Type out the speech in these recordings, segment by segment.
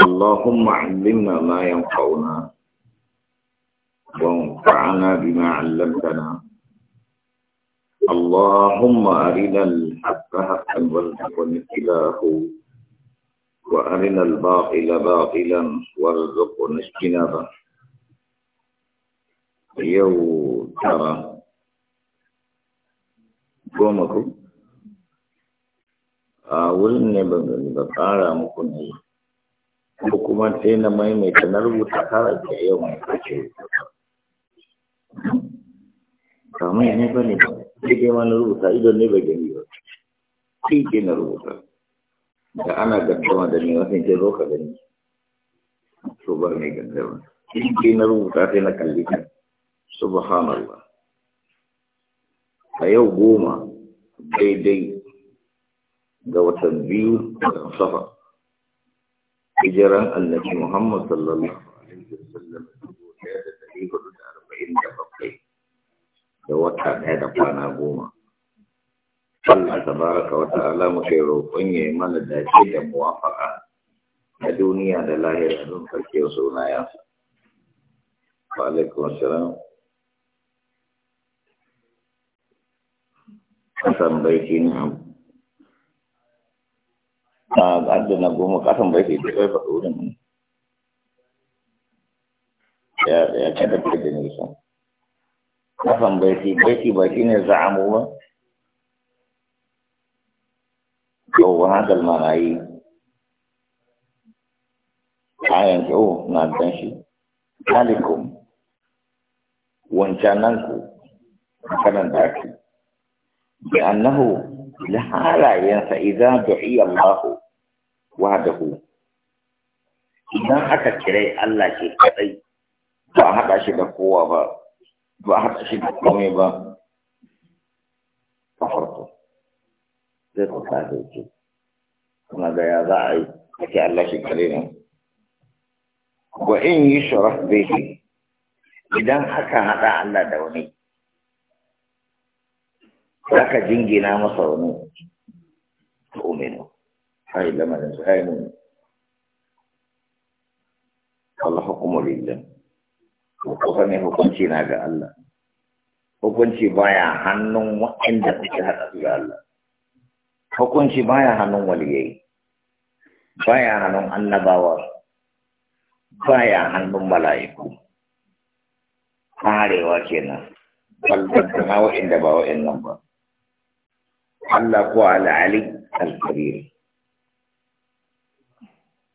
اللهم علمنا ما ينفعنا وانفعنا بما علمتنا اللهم أرنا الحق حقا وارزقنا اتباعه وأرنا الباطل باطلا وارزقنا اجتنابه يو ترى قومكم أولني آه، بقارا مكنين ko kuma sai na maimaita na rubuta kawai ke yau mai kace ba mai ne ba ne sai ke ma na rubuta idan ne ba gani ba sai ke na rubuta da ana gaddama da ne wasan ke zo ka gani to ba mai gaddama sai ke na rubuta sai na kalli ka subhanallah a yau goma daidai ga watan biyu da safa hijiran annabi Muhammad sallallahu alaihi wasallam ɗaya da ɗari hudu da arba'in da bakwai da wata ɗaya da kwana goma. Allah tabaraka wa ta'ala muke roƙon mana dace da muwafaka na duniya da lahira don farke sunayensa. Wa alaikum a adda na goma kasan bai sai bai faɗo wurin ya ya kada da nisan kasan bai sai bai sai ba shine za'amu ba yau wa hadal manayi ayan yau na dan shi alikum wancananku kanan da ake bi annahu da halayensa idan du'i Allahu wahdahu idan aka kire Allah ke kadai ba haɗa shi da kowa ba ba haɗa shi da komai ba a farko zai ku ta da kuma ga ya za a yi ake Allah shi kare ne wa in yi sharaf bihi idan aka haɗa Allah da wani aka jingina masa wani to umenu hai lamarin su hai mun Allah hukumu lillah ko ne hukunci na ga Allah hukunci baya hannun waɗanda suke haɗa su da Allah hukunci baya hannun waliyai baya hannun annabawa baya hannun mala'iku karewa kenan balbantana waɗanda ba waɗannan ba Allah ko al'ali al-kabir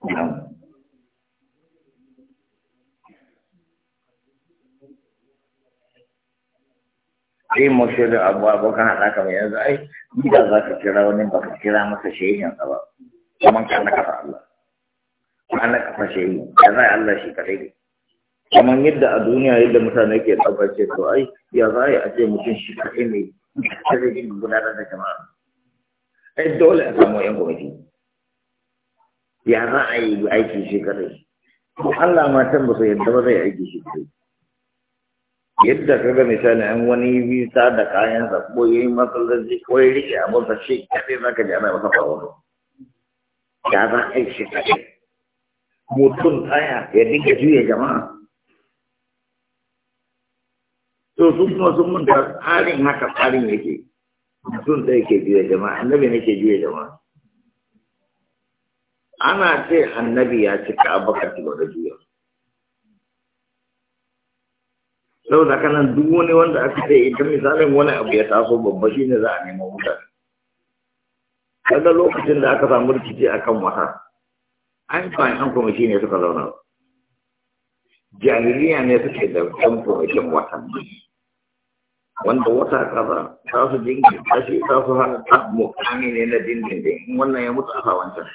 نعم sai moshe da abu abokan haka mai yanzu ai da za ka kira wani ba ka kira masa shehin ba kuma ka na kafa Allah ka na kafa shehin ya za Allah shi ka dai kuma yadda a duniya yadda mutane ke ɗaukar ce to ai ya za a ce mutum shi ka ne ta zai gudanar da jama'a ai dole a samu yan gwamnati ya ra'ayi a yi aiki shi kare ko Allah ma can ba su yadda ba zai aiki shi kadai yadda ka ga misali an wani bisa da kayan sa, ko ya yi masallaci ko ya rike abinsa shi kadai za ka ji ana masa faruwa ya za a yi shi kadai mutum tsaya ya dinga juya jama'a to su kuma sun manta tsarin haka tsarin yake mutum ɗaya ke juya jama'a annabi ne ke juya jama'a ana ce annabi ya cika abubakar ci da juya da kanan duk wani wanda aka ce idan misalin wani abu ya taso babba ne za a nemo mutane Kada lokacin da aka samu rikici kan wata an fa an kuma ne suka zauna jahiliya ne suke da kan kwamitin wata wanda wata kaza ta su ta shi ta su hana mu kame ne na dindindin wannan ya mutu a wancan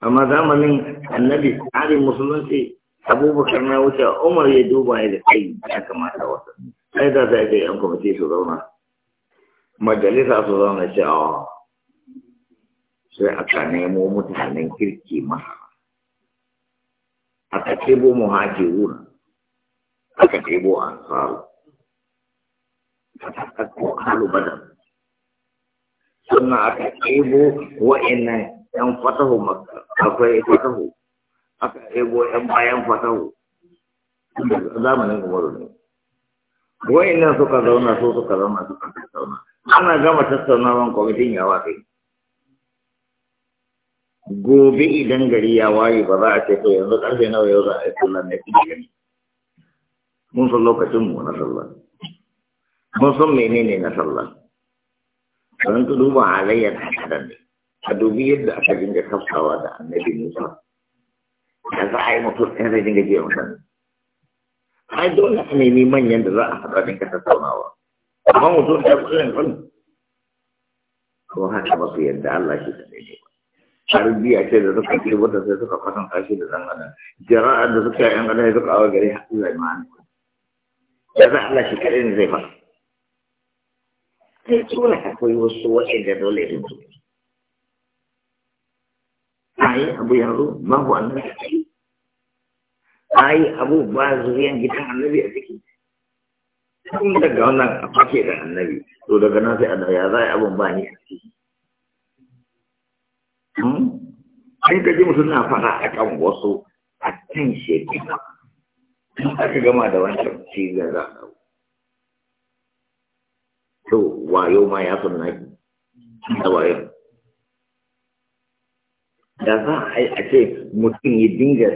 amma zamanin annabi tsarin musulunci abubakar na wuce umar ya duba ya da kai ya kamata wata sai da zai ga yan kwamiti su zauna majalisa su zauna ce a sai aka nemo mutanen kirki masa aka tebo muhajiruna aka tebo ansaru aka tebo alu badan sannan aka tebo wa'annan yan fatahu makka akwai fatahu aka ebo yan bayan fatahu zamanin umaru ne nan suka zauna so suka zauna suka tattauna ana gama tattaunawan kwamitin ya kai gobe idan gari ya waye ba za a ce to yanzu karfe nawa yau za a yi sallah ne kuma gani mun san lokacin mu na sallah mun san menene na sallah kan ka duba halayyar hakanan ne a dubi yadda aka dinga kafawa da annabi musa da za a yi mutum ɗaya zai dinga jiya mutane ai dole a nemi manyan da za a haɗa dinga tattaunawa amma mutum ɗaya kullum kullum ko haka ba su yadda Allah shi da daidai ba tarbiyya ce da suka ce wata sai suka kwatanta kashi da ɗan adam jara'a da suka yi ɗan adam ya suka awa gari Allah ya ma'ana ya za Allah shi kaɗai ne zai faɗa sai tura akwai wasu waɗanda dole su Ayi abu yanzu babu annabi a abu ba gidan annabi a ciki tun daga wannan a fake da annabi to daga nan sai annabi ya zai abun ba ni a ciki hmm? an ka ji mutum na fara a wasu a kan aka gama da wancan shi ga za a wayo da za a yi a ce mutum ya dinga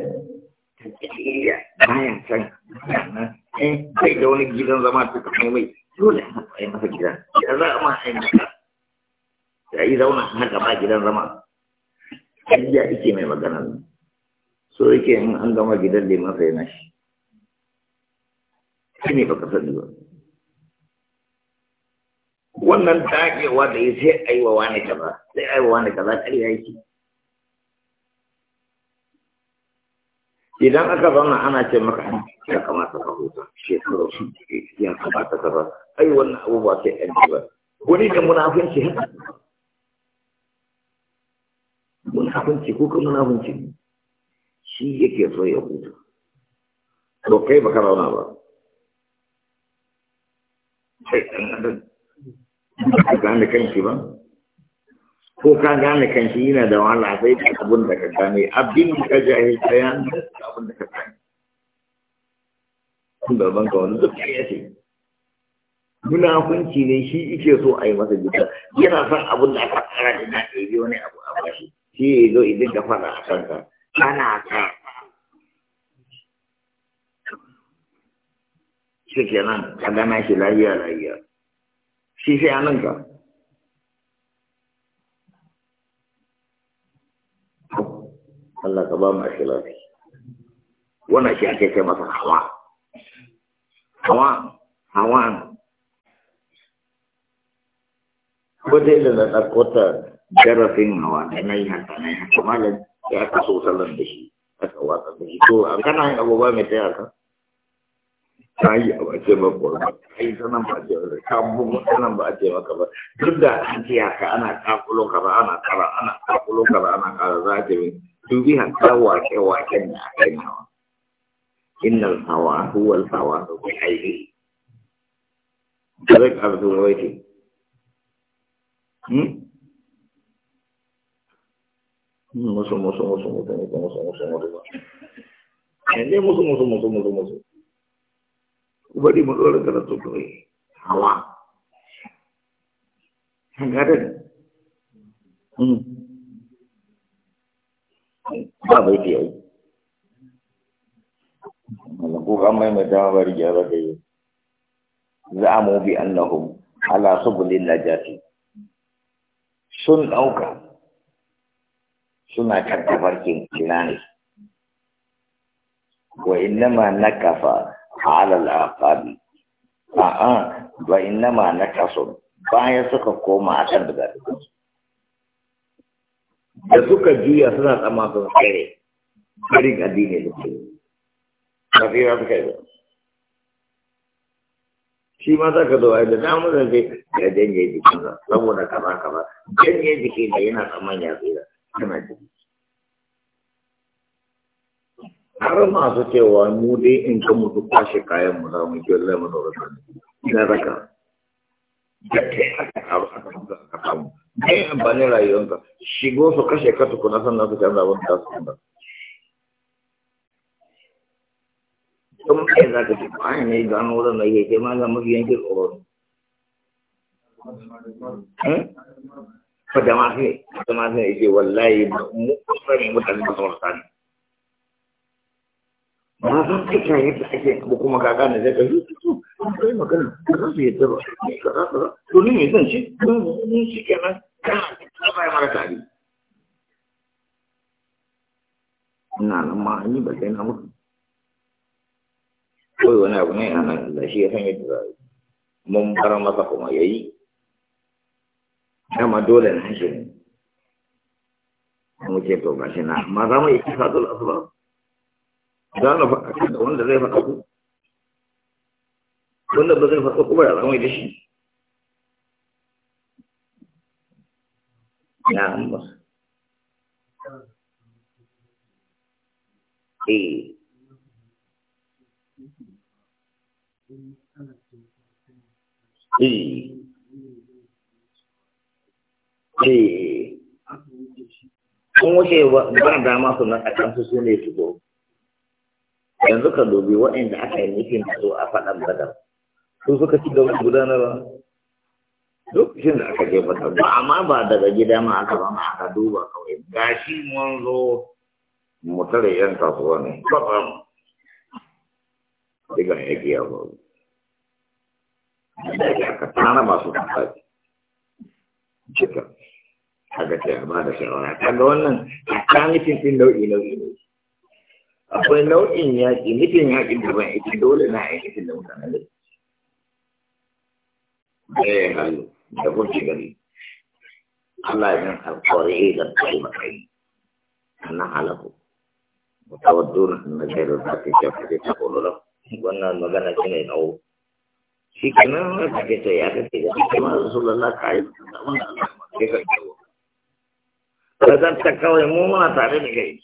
bayan can nan eh da wani gidan zama ta kai mai dole a yi masa gida da za a ma a yi masa da yi zauna a haka ba gidan zama ya ike mai magana so yake in an gama gidan da masa yana shi shi ne baka sani ba wannan dagewa da ya sai aiwawa wani kaza sai aiwawa wani kaza ƙarya yake idan aka zauna ana ce maka ya kamata ka huta shekaru ya kamata ka ba ai wannan abubuwa sai ba wani da munafunci haka munafunci ko ka munafunci shi yake so ya huta to kai baka zauna ba sai ɗan adam ba ka gane kanki ba ko ka gane kan shi yana da wahala sai da abin da ka gane abin da ka jahil bayan yan da abin da ka gane kun da banka wani duk ya ce hunci ne shi yake so a yi masa gida yana son abin da aka tsara da na ɗebi wani abu a bashi shi ya zo idan ka fara a kanka ana ka shi nan ka gana shi lahiya lahiya shi sai nan ka Allah ka ba mu shi wannan shi ake ce masa hawa hawa hawa ko dai da na ɗauko jarafin hawa da na yi haka na yi haka malam ya aka so sallan da shi aka watsa da shi to an kana yin abubuwa mai taya ka ta yi a bace ba ko ba ta yi sanan ba ce ba Ta bugu sanan ba ce maka ba duk da an ce haka ana kakulo kaza ana kara ana kakulo kaza ana kara za a ce min dubi hatta wake-waken da aka yi nawa innal hawa huwal hawa da kai aiki Tarek Abdul Waiti hmm musu musu musu musu musu musu musu musu yanzu musu musu musu musu musu bari mu dole karatu kawai hawa hangarin hmm ba bai fiye yi malakukan mai mai dama bari gyara da yi za mu bi annahum ala subulin najati sun ɗauka suna kan tafarkin kira ne wa innama nakafa ala al-aqabi a'a wa innama nakasun bayan suka koma a akan da su da suka juya suna tsama sun kare karin addini da ke ba tsira suka yi shi ma za ka zuwa da namun da zai ga janye jikin ba saboda kama-kama, janye jiki da yana tsaman ya tsira tana jiki har masu cewa mu dai in ka mutu kwashe kayan mu za mu kiwon lemon da wasu ina raka da ta yi aka samu ne bane rayuwanka shigo su kashe ka tukuna sannan su canza wani tasu canza don kai za ka ce ba ne gano wurin da yake ma ga mafi yankin tsoron hmm? fa da ma sai da ma sai yake wallahi mu mutane ba sauran sani ba za ka kyaye da ake kuma kaka ne zai ka zuci an kai magana ka za su yadda ba ka za to ni mai zan ci ba ni shi kenan kana ta bai mara tari ina nan ma an ba kai na mutu kawai wani abu ne a nan da shi ya san yadda za a yi mun bar masa kuma ya yi dama dole na shi ne mu ce to shi na amma za mu yi kisa dole asuba za mu faɗa da wanda zai faɗa ku wanda ba zai faɗo kuma ya zama da shi ya amma eh, eh. eh. wuce ba dama su nan a kan su su ne shigo yanzu ka dubi waɗanda aka yi nufin su a faɗan badar su suka ci gaba gudanarwa duk shin da aka jefa ta ba amma ba daga gida ma aka zama aka duba kawai gashi mun zo mu tare yan kasuwa ne kwatsam diga ya giya ba daga aka tana masu kafafi cika kaga ce ba da shawara kaga wannan kamitin din nau'i nau'i ne akwai nau'in yaƙi nufin yaƙin da ban ita dole na aikin da mutanen da ɗayan hannu da kuke gani Allah ya yin alkawari da kai makai na halaku mutawaddun na gairar da ke shafi ta kololo wannan magana shi ne tsawo shi kenan na kake ce ya kake da shi ma su lalla kai da wanda Allah ya kai tsawo ta kawai mu muna tare da kai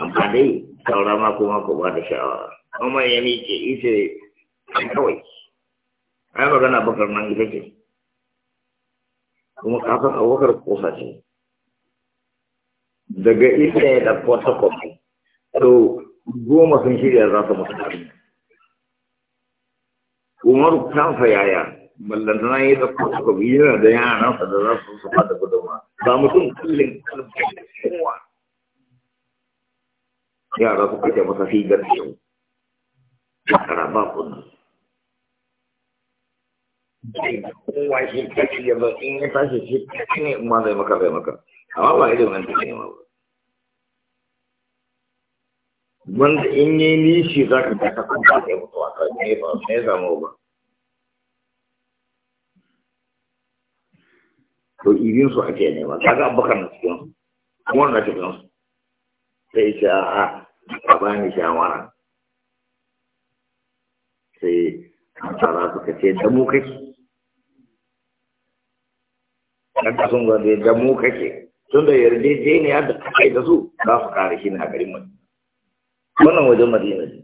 amma dai saura ma kuma ba da sha'awa amma ya miƙe ita kai kawai ai magana bakar nan ita ce kuma kafin abokar kosa ce daga ita ya ɗauko ta kwafi to goma sun shirya za su mutu ɗari umaru kansa yaya ballantana ya ɗauko ta kwafi yana da yaransa da za su su fada gudunma ba mutum kullum kalmar da kowa yara su kake masa fi garfiyau shekara ba kunan kowa shi kashi ya ba in ya tashi shi kashi ne in ma zai maka zai maka amma ba irin wanda ne ma ba wanda in yi nishi za ka ga ta kanta da mutuwa ka ne ba ne zama ba to irin su ake nema kaga abubakar na cikin su kuma na cikin su sai ce a a ba ni shawara sai an tara suka ce da mu kake dan kasan ga da mu kake tun da yarjejeniya da kai da su za su kare shi na garin mutum wannan wajen madina ne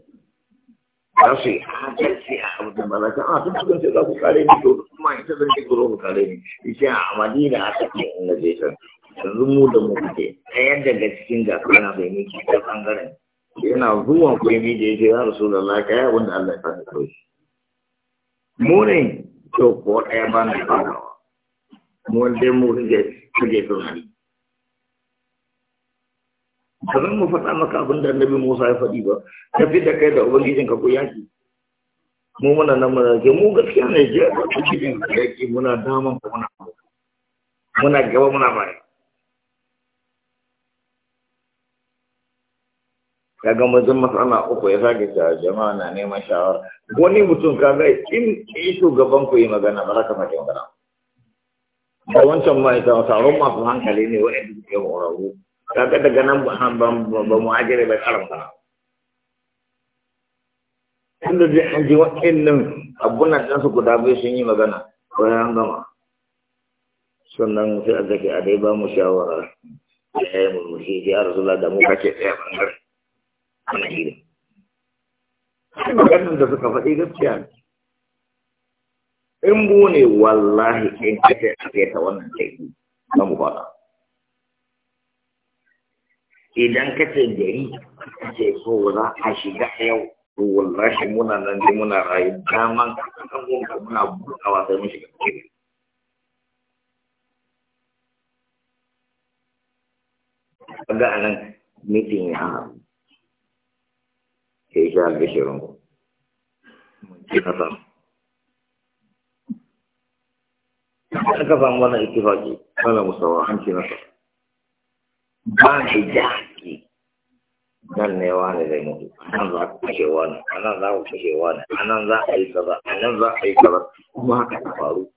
za su yi adalci a abin ba za ta a ah, tun tukun sai za ku kare ni to kuma ita zan ce ku kare ni ishe a madina a cikin in na je can yanzu mu da mu kuke yadda ga cikin su na bai miki ta bangaren yana zuwan kwaimi da ce ya rasu da lafiya wanda Allah ya fara kawai mu ne to ko ɗaya ba na farawa mu dai mu rige rige tunani ba zan mu faɗa maka abin da annabi Musa ya faɗi ba ka fi da kai da ubangijin ka ko yaki mu muna nan mu mu gaskiya ne je da cikin yaki muna daman ko muna muna gaba muna baya kaga mazan matsala uku ya sake ta jama'a na neman shawara wani mutum kaga in shugaban ku yi magana ba za ka fata magana da wancan ma'aikata taron masu hankali ne wa'anda suke horarru ga daga nan ba mu ajire bai karanta inda zai an ji wa'annan abunan ɗansu guda biyu sun yi magana bayan gama sannan sai a zaki a dai ba mu shawara da ya yi murmushi ya rasula da mu kace ɗaya ɓangare ana hira. Maganin da suka faɗi gaskiya ne. in mu ne wallahi in kace a ta wannan taiki na mu fada idan kace gari kace so za a shiga yau to wallahi muna nan dai muna rayu daman kan mun muna bukawa sai mun shiga cikin kaga anan mitin ya haru sai ga gishirin mun ci nasara aka samu wannan ittifaki kala musawa an ce masa ba shi jaki nan ne wani zai mutu nan za ku kashe wani nan za ku kashe wani nan za a yi kaza nan za a yi kaza kuma haka ta faru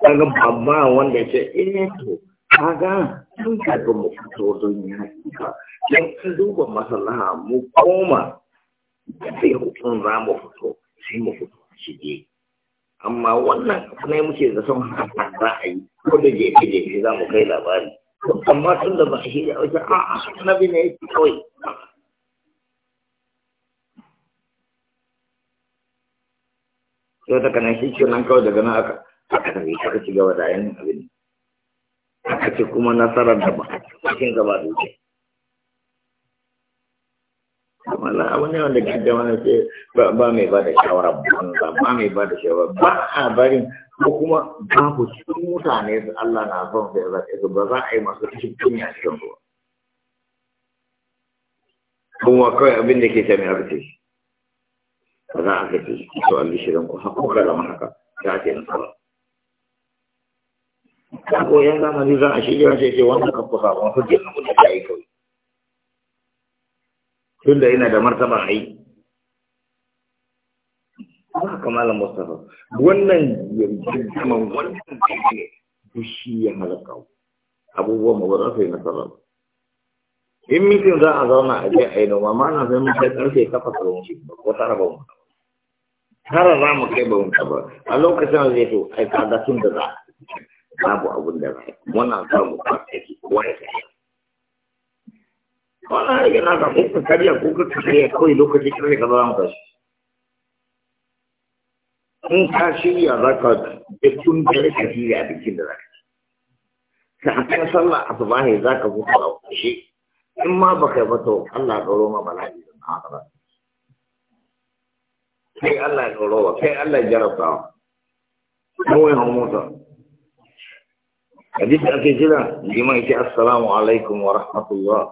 kaga babba wanda ya ce eh to kaga sun kaga mu fito don ya ka sai duba masallaha mu koma sai hutun za mu fito sai mu fito shige amma wannan ne muke da son haka za a yi ko da jefe jefe za mu kai labari amma tun da ba a shirya wace a a nabi ne yake kawai sai ta kanan shi ke nan kawai daga nan aka aka tafi aka ci gaba da yin abin aka ce kuma nasarar da ba a cikin gaba da wuce wala abu ne wanda ke da wani ce ba mai ba da shawara banza ba mai ba da shawara ba a bari ko kuma babu cikin mutane Allah na son sai za ka ba za a yi masu cikin kunya cikin ruwa kuma kawai abin da ke ta aka ce ba za a kace to Allah shirin ku hakuka da haka ta ce na ka koyan zamani za a shirya sai ce wannan tunda ina da martaba ai ba kamalan mustafa wannan jaman wannan ne ya halaka abubuwan ba za su yi nasara in mitin za a zauna a je a yi noma ma na zama mutai karfe kafa da shi ba ko tara ba wani tara za mu kai ba wani taba a lokacin zai to ai da sun da za a babu abun da za wannan za mu kwafe kowa ya kai ولكن يجب ان يكون هناك اشياء اخرى لانهم يجب ان يكون هناك اشياء اخرى لانهم يجب ان يكون هناك اشياء اخرى لانهم يجب ان يكون هناك اشياء اخرى لانهم يجب ان يكون هناك اشياء اخرى لانهم يجب ان يكون هناك اشياء اخرى لانهم يجب ان يكون هناك اشياء اخرى لانهم يجب ان يكون هناك اشياء اخرى لانهم يجب ان يكون هناك اشياء اخرى لانهم يجب ان يكون هناك اشياء اخرى لانهم يجب ان يكون هناك اشياء اخرى لانهم ان يكون هناك اشياء اخرى لانهم ان يكون هناك اشياء اخرى لانهم ان يكون هناك اشياء اخرى لانهم ان يكون هناك ان يكون هناك ان يكون هناك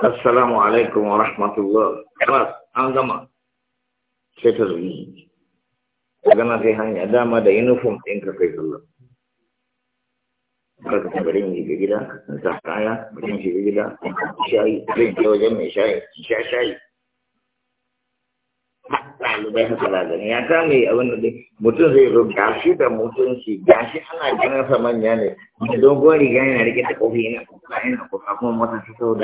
Assalamualaikum warahmatullahi Kelas, anggama. Saya terlalu Daga nasihannya, dama da uniform ɗin ka kai sallah. Kar ka bari mu kaya, gida, in shayi, shayi. ɗalibai haka na gani ya kame abin da dai mutum zai zo gashi da mutunci gashi ana ganin manya ne da dogon riga yana rike da kofi yana yana kuma mota ta sau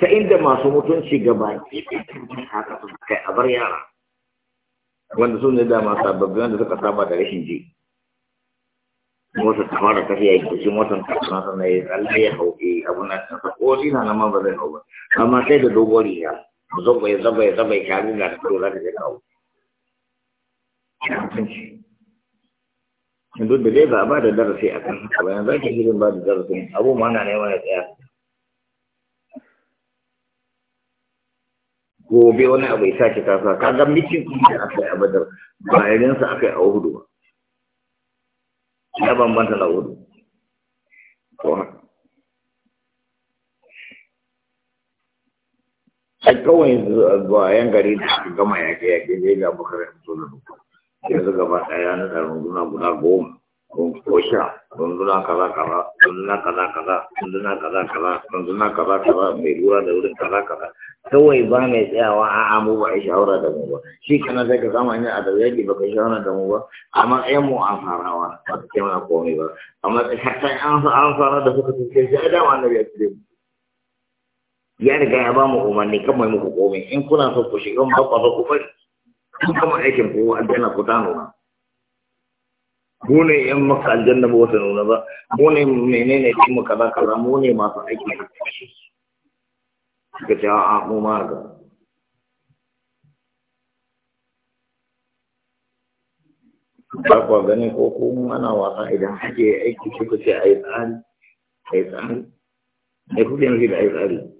ta inda masu mutunci gaba kai wanda da motar ta tafiya ya kusa ta ya tsalle abu na tafa ko shi ba zai hau ba amma sai da dogon riga zabai zabai zabai kyalin da ta za ta je kawo duk da dai ba a ba da darasi a kan haka bayan za ki shirin ba da darasi abu ma na neman ya tsaya gobe wani abu ya sake kasa ka ga mitin kuma da aka yi a badar ba irinsa aka yi a hudu ba ya bambanta na hudu to haka a kawai zuwa eh, 'yan gari da aka gama yaƙe yake zai ga bakarar fito da duka yanzu gaba daya na da runduna guda goma ko sha runduna kaza kaza runduna kaza kaza runduna kaza kaza runduna kaza kaza mai lura da wurin kaza kaza kawai ba mai tsayawa a amu ba a shawara da mu ba shi kana sai ka kama ni a da yaƙi ba ka shawara da mu ba Amma ɗaya mu a farawa ba ta ce mana komai ba amma ta an fara da suka tuke shi a dama na ya su ya riga ya ba mu umarni kan mai muku komai in kuna so ku shiga ba ku ku bari kun kama aikin ku aljanna ku ta nuna mu ne yan maka aljanna ba wata nuna ba mu ne menene cin mu kaza kaza mu ne masu aiki na kashi suka ce a mu ma ga ba ku gani ko kuma ana wasa idan ake aiki suka ce a yi tsari a yi tsari ne kuke nufi da a yi tsari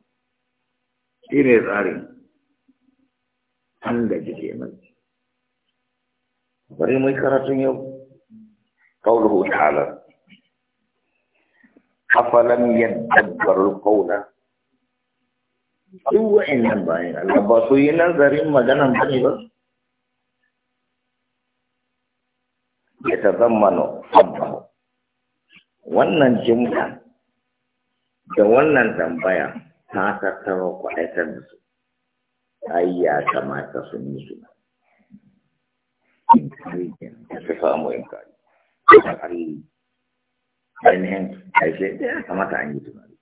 shi ne tsarin an gaji mai. bari mai karatun yau قوله تعالى أفلم يدبر القول هو إن باين الله بسوينا زريم ba? Ya بس يتضمن حبه wannan jimta da wannan tambaya ta tattaro ku aikar da su ai ya kamata su yi su inkari da su samu inkari inkari ainihin aishe da ya kamata an yi tunani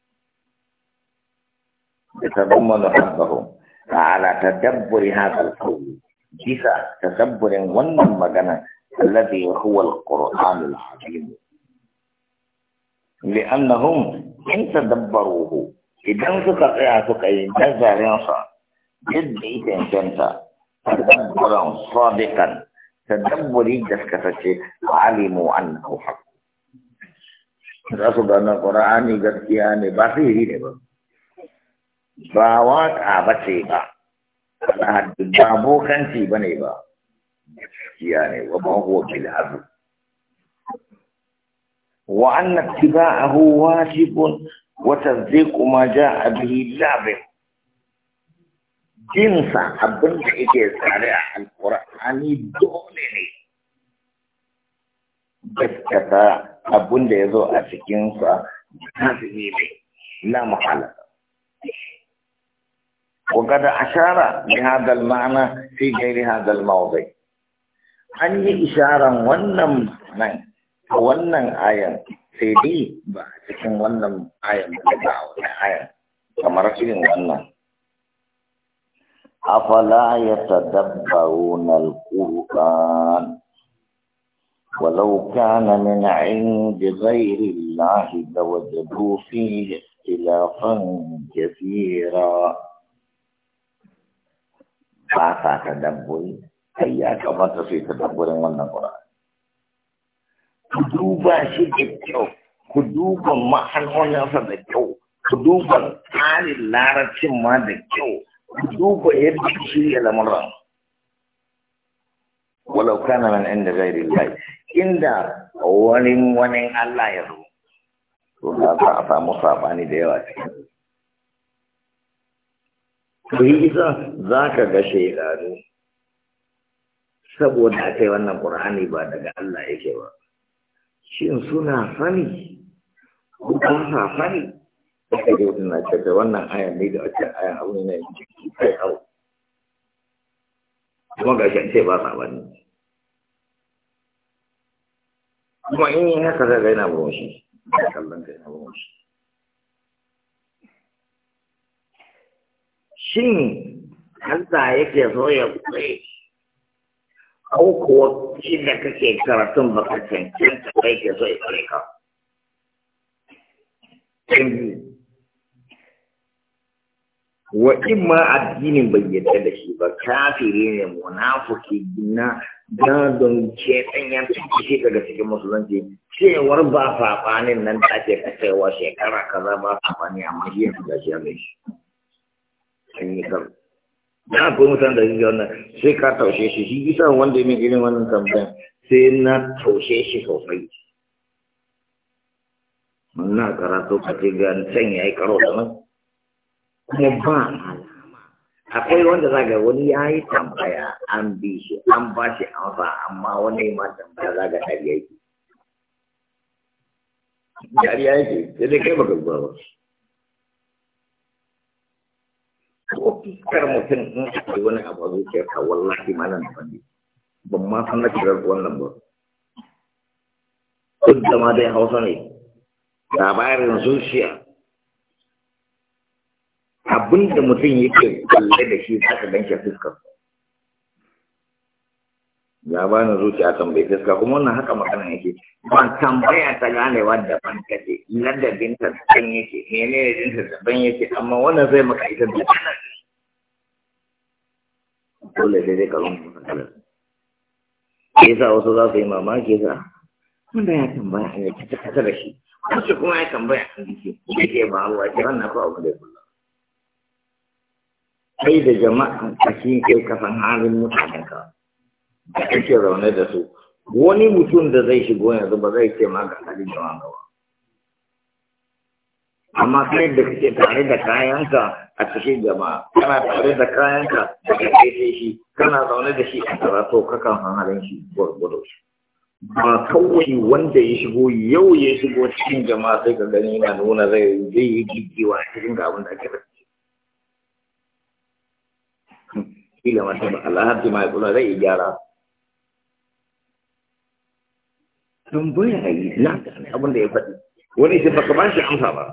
da tazammanu hankahun ta'ala tadabburi hadal qawli bisa tadabburin wannan magana alladhi huwa al-qur'an al-azim li'annahum in tadabbaruhu idan suka tsaya suka yi nazarinsa yadda ita yankanta tadabburan sadiqan tadabburi a alimu annahu haqq za su gane qur'ani gaskiya ne ba sihiri ne ba ba waka ba ce ba ba bokanci ba ne ba gaskiya ne wa ba huwa bil azu wa anna ittiba'ahu wajibun Wata zai kuma ja a bihi labin? Jinsa abin da aka sare a al'adu dole ne. Gaskiya ta abin da ya a cikinsa na ta hime na muhala. Kogar da ashara ne ha galma na sai dai ne An yi isharan wannan nan. wannan ayan sai dai ba cikin wannan ayan ba ba wannan ayan kamar cikin wannan afala yatadabbaruna alquran ولو كان من عند غير الله لوجدوا فيه اختلافا كثيرا فاتا تدبر هيا كما تصير تدبر من القران ku duba shi da kyau ku duba ma'anoninsa da kyau ku duba tsarin larabcin ma da kyau ku duba yadda shirya lamuran walau kana man inda gairi lai inda wani wani Allah ya zo to da ka a samu sabani da yawa cikin to yi isa za ka ga shaidanu saboda a kai wannan ƙur'ani ba daga Allah yake ba shin suna sani ko ba sa sani aka ji wani na cewa wannan ayan ne da ake ayan abu ne na yin kai hau kuma ga shi ce ba sa bani kuma in yi haka zai ga yana burmushi ba kallon ka yana burmushi shin Allah yake so ya kure ko kuwa shi kake karatun ba ka cancanta kai ke so ya ka. Wa in ma addinin bai yarda da shi ba kafiri ne munafuki na gadon cetan ya tuki shi daga cikin musulunci cewar ba saɓanin nan da ake kacewa shekara kaza ba saɓani amma shi yanzu shi ya mai shi. da ko mutan da suke wannan sai ka taushe shi shi isa wanda yake irin wannan tambayan sai na taushe shi sosai na karatu ka ce ga can ya karo da nan kuma ba akwai wanda za ga wani ya yi tambaya an bi shi an ba shi amsa amma wani ma tambaya za ga dariya yake dariya yake sai dai kai baka zuwa ba kar mutum in akwai wani abu a ka wallahi malam da wani ban ma san na kirar wannan ba duk da ma dai hausa ne labarin zuciya abinda mutum yake kalle da shi za ka ganke fuskar ya bani zuciya tambayi fiska, kuma wannan haka magana yake ban tambaya ta ganewa daban kace da ta daban yake menene din ta daban yake amma wannan zai maka ita da dole sai dai ka rubuta kalar yasa wasu za su yi mamaki sa wanda ya tambaya a yake ta kasa da shi wasu kuma ya tambaya a yake ya ke ba a ki ranna ko abu da kula kai da jama'a a cikin kai kasan halin mutanen kawai da ake zaune da su wani mutum da zai shigo yanzu ba zai ce ma ga hali da wanga ba amma kai da kake tare da kayanka a cikin jama'a kana tare da kayanka da kake shi kana zaune da shi a karatu kakan hanarin shi gwargwado shi ba kawai wanda ya shigo yau ya shigo cikin jama'a sai ka gani na nuna zai zai yi gigiwa cikin ga abin da ake da kila masu ba Allah ma ya kula zai gyara don dole na yi ne abin da ya faɗi wani sai baka ba shi amsa ba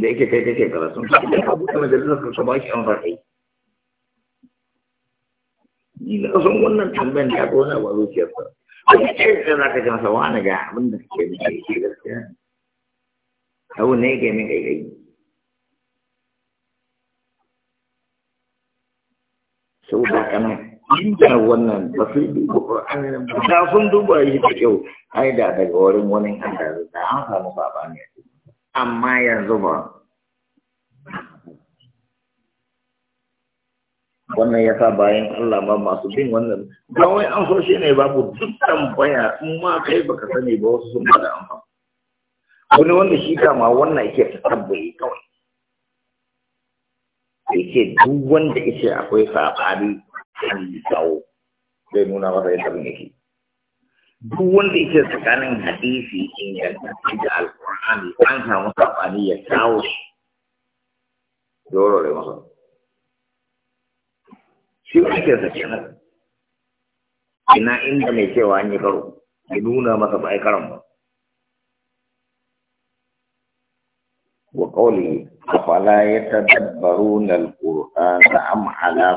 da yake kai kake karatu idan ka buɗe majalisar ka ba shi amsa ni na san wannan tambayan ya tona ba zuciyarsa wani ce da za ka ji wa wani ga abin da ke nufi shi gaskiya abu ne yake min kai kai sau da kanan inda wannan ba su duba ƙur'anin ba sun duba yi da kyau ai da daga wurin wani Allah da an samu baba ne amma yanzu ba wannan ya sa bayan Allah ba masu bin wannan ba wai an so shi ne babu duk tambaya in ma kai baka sani ba wasu sun bada amfani wani wanda shi kama wannan yake tabbaye kawai yake duk wanda yake akwai sabani hali tsawo nuna masa yadda abin yake duk wanda yake tsakanin hadisi ingantacce da alkur'ani an samu saɓani ya kawo dole da masa shi ba ke sa kenan ina inda mai cewa an yi karo ya nuna masa ba ya karon ba وقوله أفلا يتدبرون القرآن أم على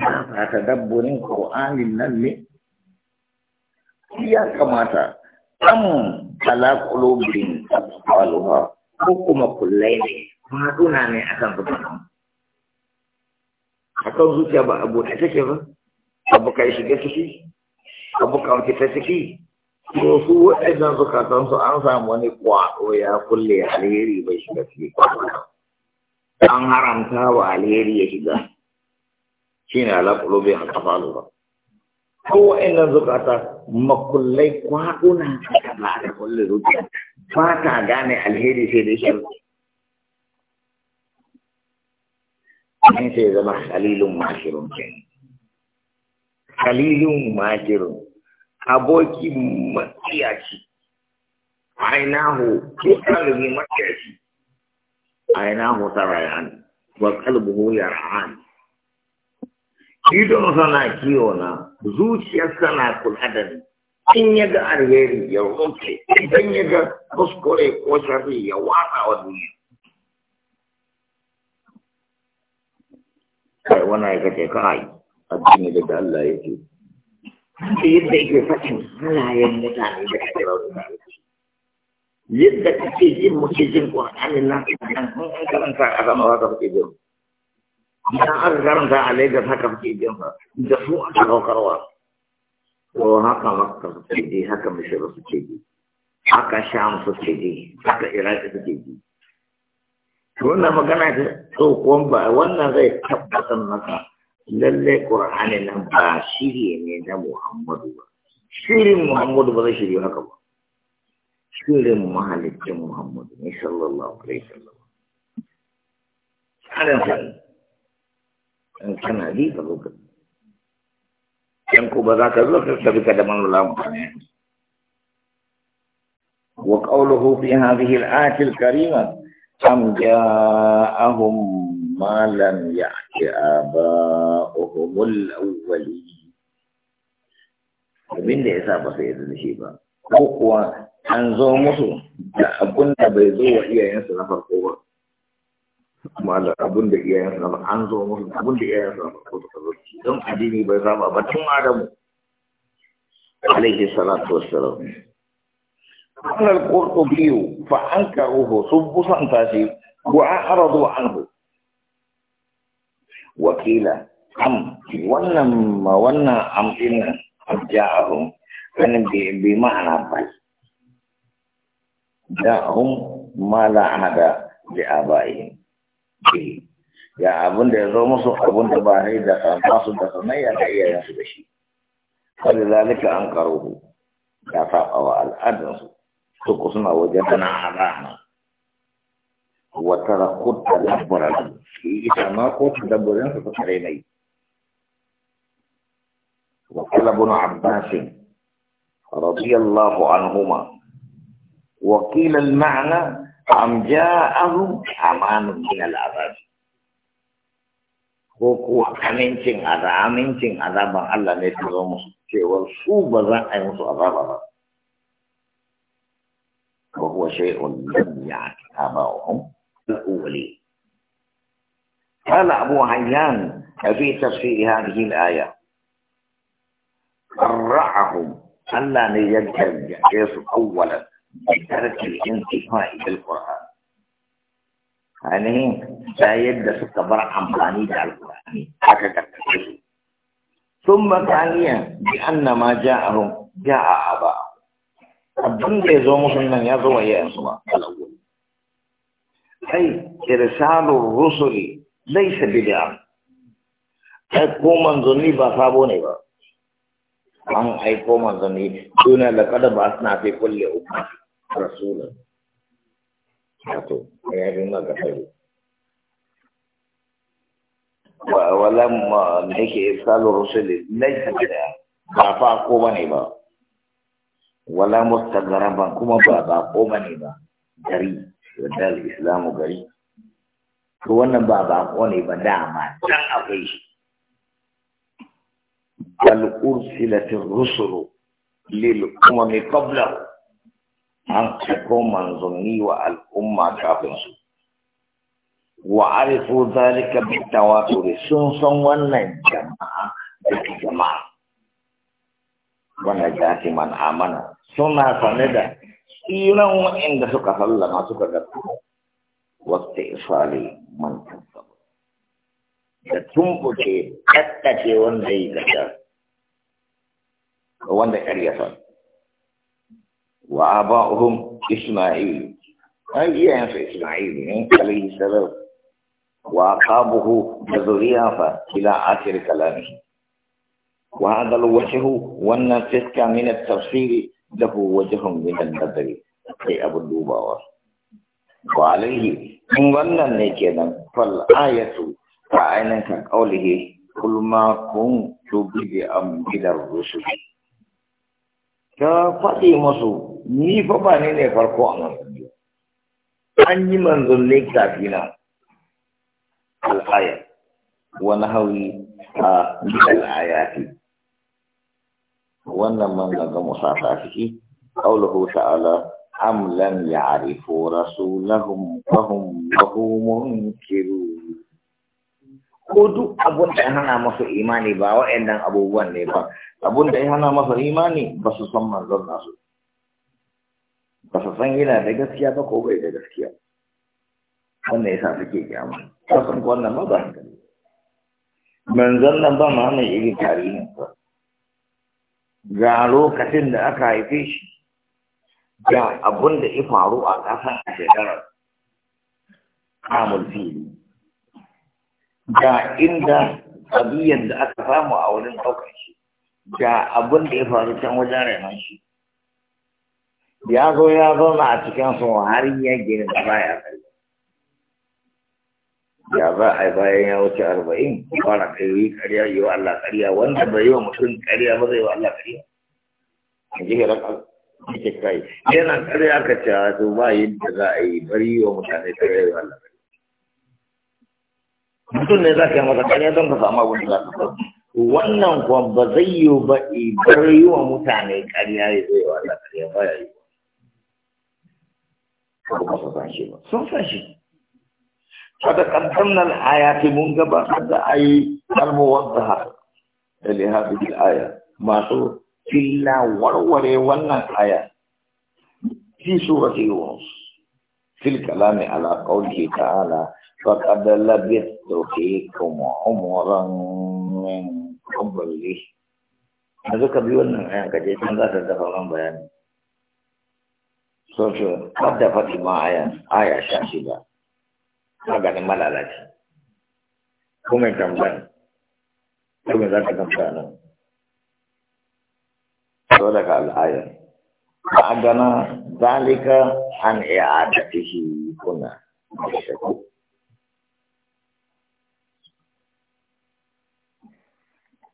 ta tadabburin qur'anin nan ne iya kamata am kala qulubin asfaluha ko kuma kullai ne maduna ne akan zuciya akan zuciya ba abu da take ba abu kai shiga ciki abu kan fita ciki ko su waɗannan zukatan su an samu wani kwaɗo ya kulle alheri bai shiga ciki kwaɗo an haramta wa alheri ya shiga shi ne alaƙulobi a ƙafa lura kowa inan zukata makullai kwaɗuna ta ba da kulle zuciya ba ta gane alheri sai dai shi an sai zama halilun makirun ke halilun makirun aboki matsiyaci ainihu ko kalmi matsiyaci عيناه تريان وقلبه يرعان idon sana na, zuciyar sana kula da ni in ya ga alheri ya roke idan ya ga kuskure ko sharri ya watsa wa duniya kai wani ya kace kai addini da Allah yake yadda yake faɗin halayen mutane da kake rauni yadda kake jin muke jin ƙwararren nan an karanta a sama haka kake jin idan aka karanta a Lagos haka ke jin ba da su aka kaukarwa ko haka maka suke ji haka Misir suke ji haka Sham suke ji haka iraki suke ji wannan magana ta tsohon ba wannan zai tabbatar maka lallai ƙwararren nan ba shiri ne na Muhammadu ba shirin Muhammadu ba zai shirye haka ba شوري محل الجم محمد ان شاء الله الله عليه وسلم على خير ان كان لي فلوك ينكو بذاك الوقت سبك دمان الله وقوله في هذه الآية الكريمة أم جاءهم ما لم يأت آباؤهم الأولين ومن ذي سيدنا شيبان ko kuwa an zo musu da abun da bai zo wa iyayensu na farko ba kuma da abun da iyayensu na an zo musu da abun da iyayensu na farko da zo ci don addini bai zama ba tun adamu alaihi salatu wa wassalam an alƙurƙo biyu fa an karo ho sun busanta shi ko an arado an ho wakila am wannan ma wannan am ɗin nan a ja'ahun kan bi bi mana ba da hum mala hada bi abai ya abun da yazo musu abun da ba rai da ba su da sanai ya da iya yasu da shi kan zalika an karuhu ya fa wa al adam su ko suna wajadana hada na wa tarakut al abrad shi ita ko da burin su ta rai nai wa kala bunu abbasin رضي الله عنهما وقيل المعنى أم جاءهم أمان من العذاب ko kuwa amincin azaba amincin azaban Allah ne ta zo musu cewa su ba za a yi musu azaba ba ko kuwa shay'un lam ya'tabahum al-awwali qala abu hayyan fi tafsir hadhihi al-aya qarra'ahum Allah ne ya gargaɗe su awwalan bitarki intifa'i bil Qur'an ainihin ta yadda suka bar amfani da alƙur'ani aka gargaɗe su sun makaniya bi anna ma ja a aba abin da ya zo musu nan ya zo wa yayansu ba alawwal ai irsalur rusuli laysa bid'a ai ko manzoni ba sabo ne ba an aiko manzanni duna da kada ba suna fi kulle umma rasulun wato ya fi maka tare walam da yake isalu rusuli laisa da ba fa ko ba ne ba wala ba, kuma ba ba ko ba ne ba gari da islamu gari to wannan ba ba ko ne ba dama can akwai shi بل أرسلت الرسل للأمم قبله أن تكون منظمي والأمة كافر وعرفوا ذلك بالتواتر سنسا والنجمع بالجماعة ونجاة من آمن سنة سندة إيران وإن دسك صلى ما سكت واستئصال من كذب da tumbuke tattace wanda ya gada wanda ƙaryata wa aba'uhum isma'il An ai iyayensa isma'il ne alayhi salam wa buhu da fa ila akhir kalami. wa hadha wannan fiska min at-tafsir lahu wajhun min an sai abu dubawa wa alayhi in wannan ne kenan fal ayatu ta ainihin kan qawlihi kulma kun kuntu bi amri rusul ka faɗi masu ni fa ba ne ne farko a manzanni an yi manzanni kafina al'ayar wani hauri a misal ayati wannan man musa ta ciki qawluhu ta'ala am lam ya'rifu rasulahum fahum lahu munkirun ko duk abun da ya hana masa imani ba wa'annan abubuwan ne ba abun da ya hana masa imani ba su san manzon nasu ba su san yana da gaskiya ba ko bai da gaskiya wannan su suke kyama ta san wannan ma ba hankali manzon nan ba ma mai irin tarihin sa ga lokacin da aka haife shi ga abun da ya faru a ƙasan a shekarar kamul fili ga inda abiyan da aka samu a wurin ɗaukar shi ga abin da ya faru can wajen renon shi ya zo ya zauna a cikin su har ya gina da baya ya za a bayan ya wuce arba'in fara kai karya yi wa Allah kariya wanda bai yi wa mutum kariya ba zai yi wa Allah kariya? a ji kai yana karya ka ce to ba yadda za a yi bari yi wa mutane kariya yi wa Allah kariya. mutum ne za ka yi masa kariya don ka samu abin da za ka samu wannan kuwa ba zai yi ba ibar yi wa mutane kariya ya zai wa Allah kariya ba ya yi ba ba su san shi ba sun san shi kada kaddamna aya ayati mun gaba da ayi al-muwaddaha li hadhihi da aya masu illa warware wannan aya في سورة يونس في الكلام على قوله تعالى فقد labiyar. يستوحيكم عمرا من قبله هذا كبير أنا كجيت من ذات الدفعان بيان سوشو قد دفعت ما آية آية شاشبة هذا ما لا لك كم تمتن كم ذات تمتن سولك على الآية فعندنا ذلك عن إعادته هنا بالشكل